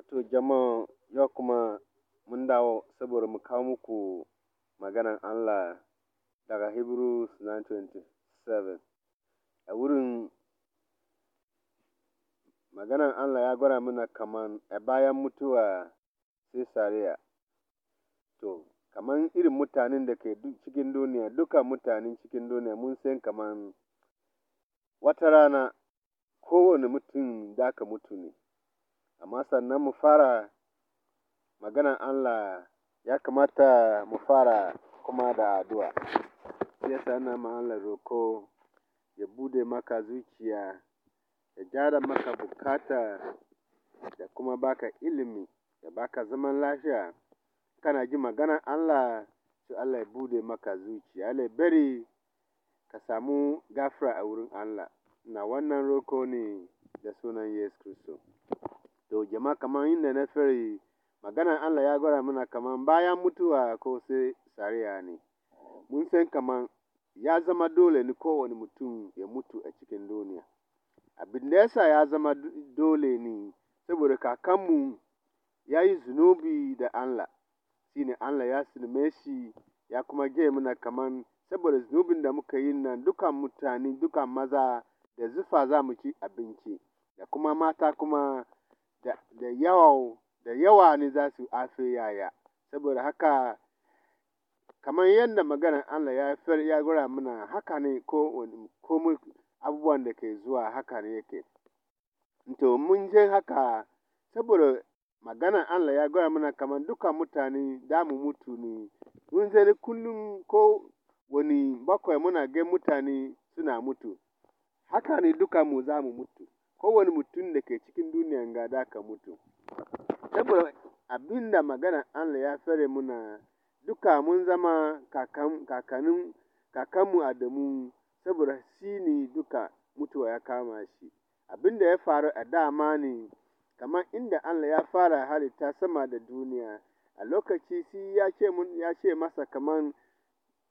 Wato jama'a yau kuma mun dawo saboda mu kawo muku maganan Allah daga Hebrews 9:27. A wurin maganan Allah ya gwada mana kaman a bayan mutuwa sai sariya. To, kaman irin mutanen da ke cikin duniya, duka mutanen cikin duniya mun san kaman wata rana kowane mutum za ka mutu ne. Amma sannan mu fara maganan Allah ya kamata mu fara kuma da addu'a. Shi yasa na ma Allah roko ya buɗe maka zuciya, ya gyara maka bukata, ya kuma baka ilimi, ya baka zaman lafiya. Kana ji maganan Allah, to Allah ya buɗe maka zuciya. Allah ya bari ka samu gafara a wurin Allah. na wannan roko ne da sunan Yesu Kiristi. To jama'a kamar inda na fari maganan Allah ya gwada mana kamar bayan mutuwa ko sai sariya ne. Mun san kamar ya zama dole ne kowane mutum ya mutu a cikin duniya. Abin da yasa ya zama dole ne saboda kakanmu ya yi zunubi da Allah, shi ne Allah ya sulme shi ya kuma ge mana kamar saboda zunubin da muka yi nan dukan mutane dukan maza da zufa za mu ci abinci da kuma mata kuma da yawa ne za su yaya saboda haka kamar yadda maganar Allah ya ya gura mana haka ne ko komai abubuwan da ke zuwa haka ne yake. To mun je haka saboda maganar Allah ya gura mana kamar duka mutane da mu mutu ne. Mun je kullum ko wani bakwai muna ga mutane suna mutu. Haka ne duka mu za mu mutu. Kowane mutum da ke cikin duniya ga da ka mutu. Saboda abin da maganar Allah ya fare muna, duka mun zama kakannin kakanmu Adamu saboda shi ne duka mutuwa ya kama shi. Abin da ya faru a dama ma ne, kamar inda Allah ya fara halitta sama da duniya, a lokaci shi ya ce ya ce masa kamar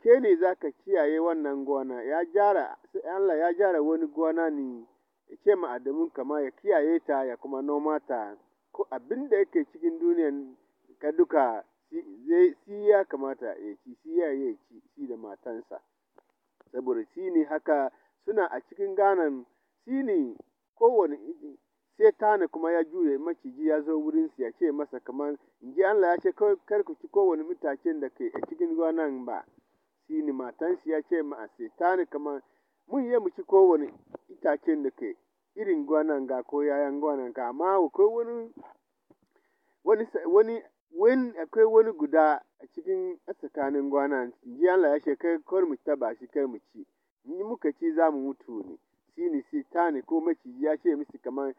ke ne za ka kiyaye wannan gona. Ya jara Allah ya gyara wani gona ne. ya ce ma Adamu kama ya kiyaye ta ya kuma noma ta ko abin da yake cikin duniyan ka duka shi ya kamata ya ci shi ya yi ci shi da matansa saboda shi ne haka suna a cikin ganan shi ne kowane ne kuma ya juya maciji ya zo wurin su ya ce masa kamar inji Allah ya ce kar ku ci kowane mutacen da ke a cikin nan ba shi ne matansa ya ce ma ne kamar Mun iya mu ci kowane itacen da ke irin ga ko 'ya'yan gwananga, amma akwai wani, wani, wani, wani, akwai wani guda a cikin a tsakanin gwanan, ji Allah ya ce kar, kar mu taɓa shi kar mu ci, ni muka ci za mu mutu ne. Shi ne ta ne ko maciji ya ce musu kamar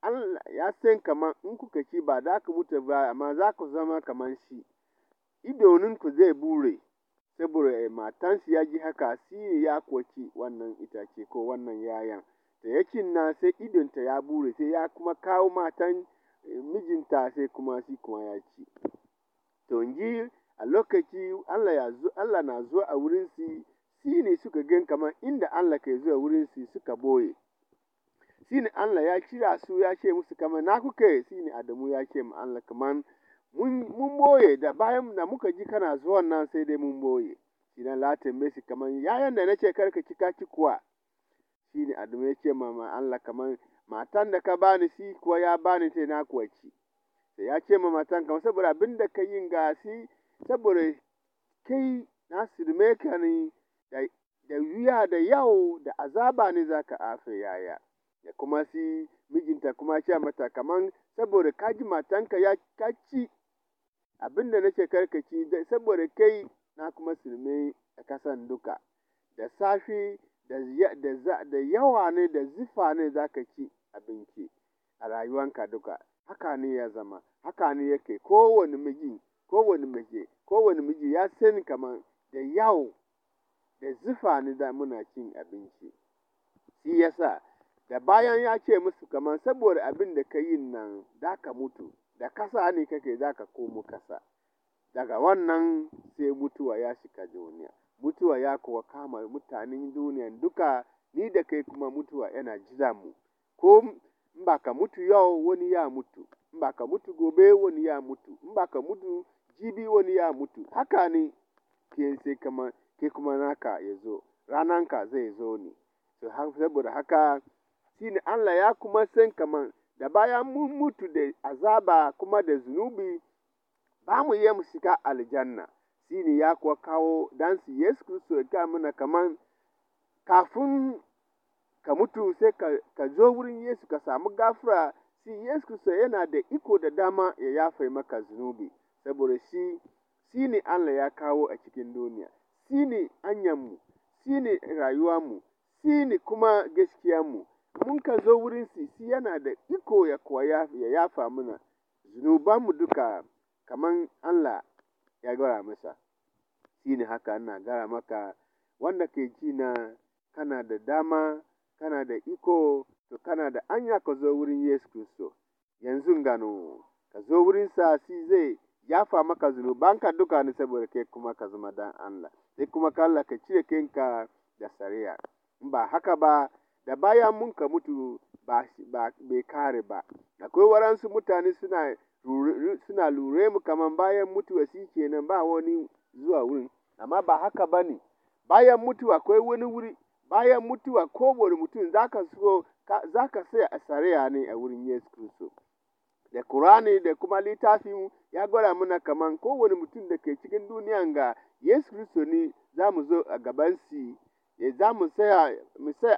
Allah ya san kamar in kuka ci ba za ku mutu ba amma za ku zama kamar shi, idoninku zai bure. saboda eh, matansu ya ji haka si ya kwaci wannan itace ko wannan yayan da yake na sai idonta ya bure sai ya kuma kawo matan eh, mijinta sai kuma shi kuma ya ci to ji a lokaci Allah na zuwa a wurin shi ne suka gan kamar inda Allah ke zuwa wurin su suka boye shi ne Allah ya kira su ya ce musu kamar na kuke shi ne Adamu ya ce ma Allah kamar mun boye da bayan da muka ji kana zuwan nan sai dai mun boye shi nan la tambaye shi kamar yayan da nace karka ki ka ki kuwa shi ne adamu ya ce mama Allah kamar matan da ka bani shi kuwa ya bani sai na kuwa ci sai ya ce mama matan kamar saboda abin da ka yin gasi saboda kai na sirme ka ne da wuya da yau da azaba ne za ka afe yaya da kuma si mijinta kuma ce mata kamar saboda kaji matanka ya kaci abin da nake karkaci saboda kai na kuma silme a kasan duka da safi da yawa ne da zifa ne za ka ci abinci a rayuwanka duka haka ne ya zama haka ne yake kowane miji kowane miji kowane miji ya sani kamar da yawo da zifa ne da muna cin abinci shi yasa da bayan ya ce musu kaman saboda abin da ka yi nan da ka mutu da kasa ne kake za ka komo kasa daga wannan sai mutuwa ya shiga duniya mutuwa ya kuwa kama mutanen duniya duka ni da kai kuma mutuwa yana jira mu ko in ba ka mutu yau wani ya mutu in ba ka mutu gobe wani ya mutu in ba ka mutu jibi wani ya mutu haka ne ke sai kama ke kuma naka ya zo ka zai zo ne to saboda haka shine Allah ya kuma san kaman da bayan mun mutu da azaba kuma da zunubi, ba mu iya mu shiga aljanna. Shi ne ya kuwa kawo su Yesu kristo ya gaya mana kaman kafin ka mutu sai ka zo wurin Yesu ka samu gafura shi Yesu kristo yana da iko da dama ya yafe maka zunubi saboda shi shi ne Allah ya kawo a cikin duniya shi ne mu shi ne mu shi ne kuma mu Mun ka zo wurin shi yana da iko ya kuwa ya yafa mana zunubanmu duka kamar Allah ya gara masa. Shi ne haka ina gara maka wanda ke ji na kana da dama, kana da iko, to kana da anya ka zo wurin Yesu kristo Yanzu gano ka zo sa shi zai yafa maka zunubanka duka ne saboda kai kuma ka zama dan Allah. Sai kuma ka Allah ka cire kanka da sariya In ba haka ba da bayan mun ka mutu ba bai kare ba akwai waransu mutane suna lure mu kaman bayan mutuwa shi kenan ba wani zuwa wurin amma ba haka ba ne bayan mutu akwai wani wuri bayan mutuwa kowane mutum zaka so zaka sai a sariya ne a wurin Yesu Kristo. da Kur'ani da kuma littafin ya gwada mana kaman kowane mutum da ke cikin duniyan ga Yesu Kristo ne za mu zo a gaban si. ya eh, za mu tsaya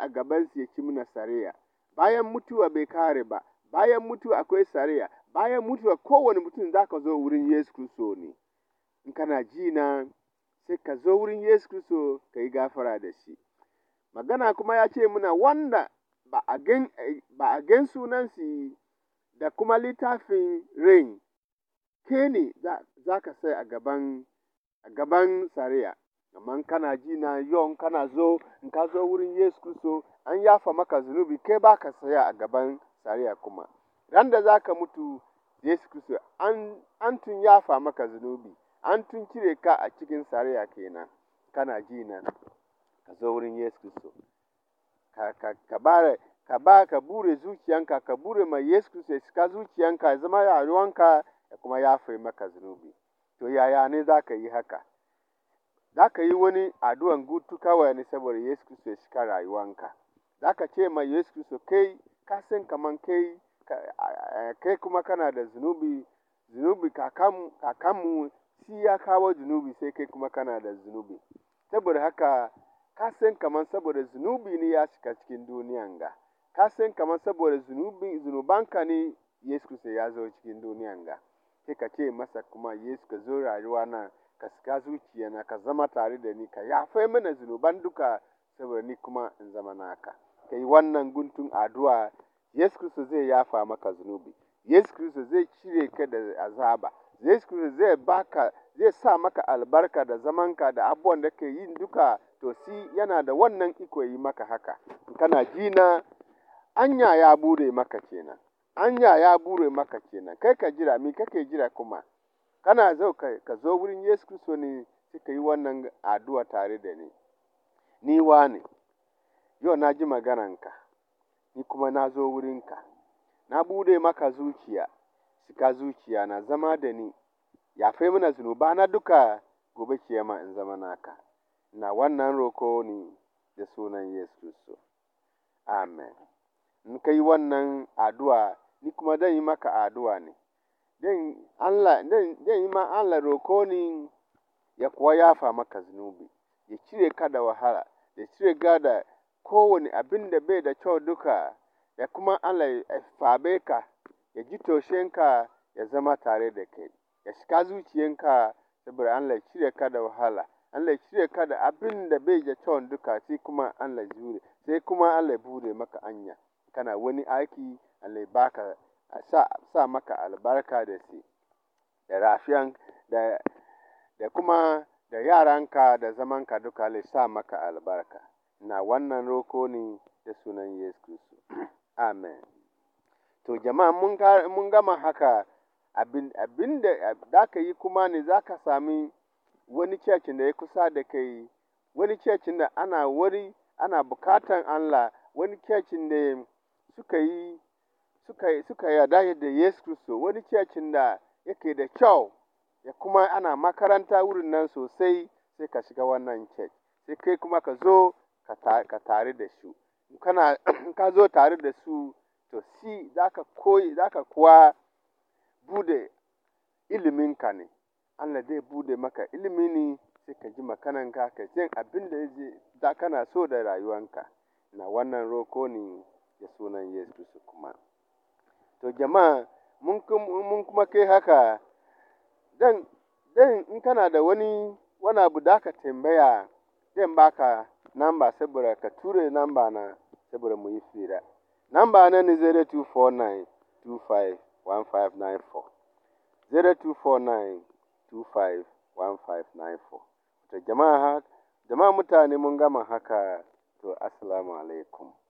a gabansu ya ci muna sariya. Bayan mutuwa bai kare ba, bayan mutuwa akwai sariya, bayan mutuwa kowane mutum za ka zo wurin Yesu Kristo ne. In kana ji na sai ka zo wurin Yesu Kristo ka yi gafara da shi. Magana kuma ya ce muna wanda ba a gan eh, su da kuma littafin rain, ke ne za ka sai a gaban sariya. amma kana ji na yau kana zo in ka zo wurin yesu kristo an yafa maka zunubi kai ba ka saya a gaban sariya kuma ran da za ka mutu yesu kristo an tun yafa maka zunubi an tun cire ka a cikin sariya kenan kana ji na ka zo wurin yesu kristo ka, bare ka ba ka bure zuciyanka ka bure ma yesu kristo ka zuciyanka ya zama yaruwanka ya kuma yafa maka zunubi to yaya ne za ka yi haka Za ka yi wani addu'an hutu kawai ne saboda Yesu Kiristi ya shiga rayuwanka. Za ka ce ma Yesu Kiristi, kai ka san kaman kai, kai kuma kana da zunubi, zunubi kakanmu, kakanmu shi ya kawo zunubi sai kai kuma kana da zunubi. Saboda haka ka san kaman saboda zunubi ne ya shiga cikin duniyan ga. Ka san kaman saboda zunubi, zunubanka ne Yesu Kiristi ya zo cikin duniyan ga. Sai ka ce masa kuma Yesu ka zo nan. ka shiga zuciyana ka zama tare da ni ka yafe mana zunuban duka saboda ni kuma in zama naka ka yi wannan guntun addu'a Yesu Kristo zai yafa maka zunubi Yesu Kristo zai cire ka da azaba Yesu Kristo zai baka zai sa maka albarka da zamanka da abubuwan da ke yin duka to si yana da wannan iko yi maka haka kana jina anya ya bure maka kenan anya ya bure maka kenan kai ka jira mi kake jira kuma kana zo ka zo wurin Yesu Kristo ne sai ka yi wannan addu'a tare da ni. Ni ne yau na ji magananka, ni kuma na zo wurinka, na bude maka zuciya, sika zuciya na zama da ni, yafe mana zunuba na duka gobe ma in zama naka. Na wannan roko ne da sunan Yesu Kristo. Amen. In ka yi wannan addu'a, ni kuma zan yi maka addu'a ne. zan yi ma Allah roko ne ya kuwa yafa maka zunubi, ya cire ka da wahala, ya cire ka da kowane abin da bai da kyau duka, ya kuma Allah ya fabe ka, ya ji ka ya zama tare da kai, ya shiga zuciyanka saboda Allah ya cire ka da wahala. Allah ya cire ka da abin da bai da kyau duka sai kuma Allah jure, sai kuma Allah bude maka anya. Kana wani aiki Allah ya baka a sa maka albarka da shi, da rafiyan da da kuma da yaranka da zamanka duka le sa maka albarka. na wannan roko ne da sunan Yesu Kiristi. Amen. To jama'a mun gama haka abin, abin da za ka yi kuma ne za ka sami wani cecin da ya kusa da kai, wani cecin da ana wuri ana bukatan Allah, wani cecin da suka yi suka suka yarda da Yesu Kristo wani cecin da yake da kyau ya kuma ana makaranta wurin nan sosai sai ka shiga wannan church sai kai kuma ka zo ka tare da su kana ka zo tare da su to si zaka koyi zaka kuwa bude ka ne Allah zai bude maka ilimi ne sai ka ji makanan ka jin abin da da kana so da rayuwanka na wannan roko ne da sunan Yesu kuma. To jama'a mun kuma kai haka dan dan in kana da wani wani abu da ka tambaya zan baka namba saboda ka ture namba na saboda mu yi fira. Namba na ni 0249251594 0249251594 To jama'a jama'a mutane mun gama haka to assalamu alaikum.